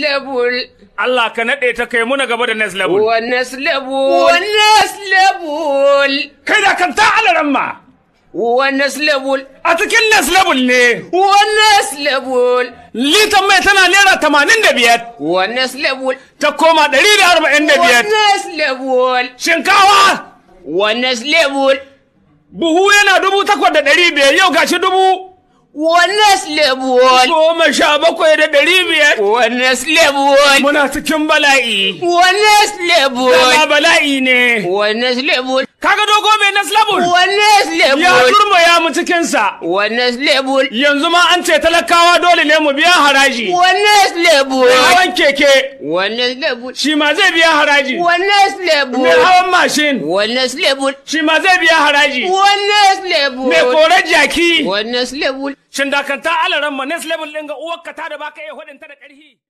level. Allah ka naɗe ta kai muna gaba da next level. Wa next level. Wa next level. Kai da kan ta alaran ma. Wa next level. A cikin next level ne. Wa next level. Litan mai tana naira tamanin da biyar. Wa next level. Ta koma ɗari da arba'in da biyar. Wa next level. Shinkawa. Wa next level. Buhu yana dubu takwas da ɗari biyar yau gashi dubu Wannan lebuwan. Goma sha bakwai da ɗari biyar. Wannan lebuwan. Muna cikin bala'i. Wannan lebuwan. Dama bala'i ne. Wannan lebuwan. Kaga dogo mai nas lebul. Wannan lebul. Ya turma ya mu cikinsa. Wannan lebul. Yanzu ma an ce talakawa dole ne mu biya haraji. Wannan lebul. Mai hawan keke. Wannan lebul. Shi ma zai biya haraji. Wannan lebul. Mai hawan mashin. Wannan lebul. Shi ma zai biya haraji. jaki. Wa Nestle Shin dakanta alaran ma Nestle ɗin ga uwarka ta da baka iya hudunta da ƙarfi.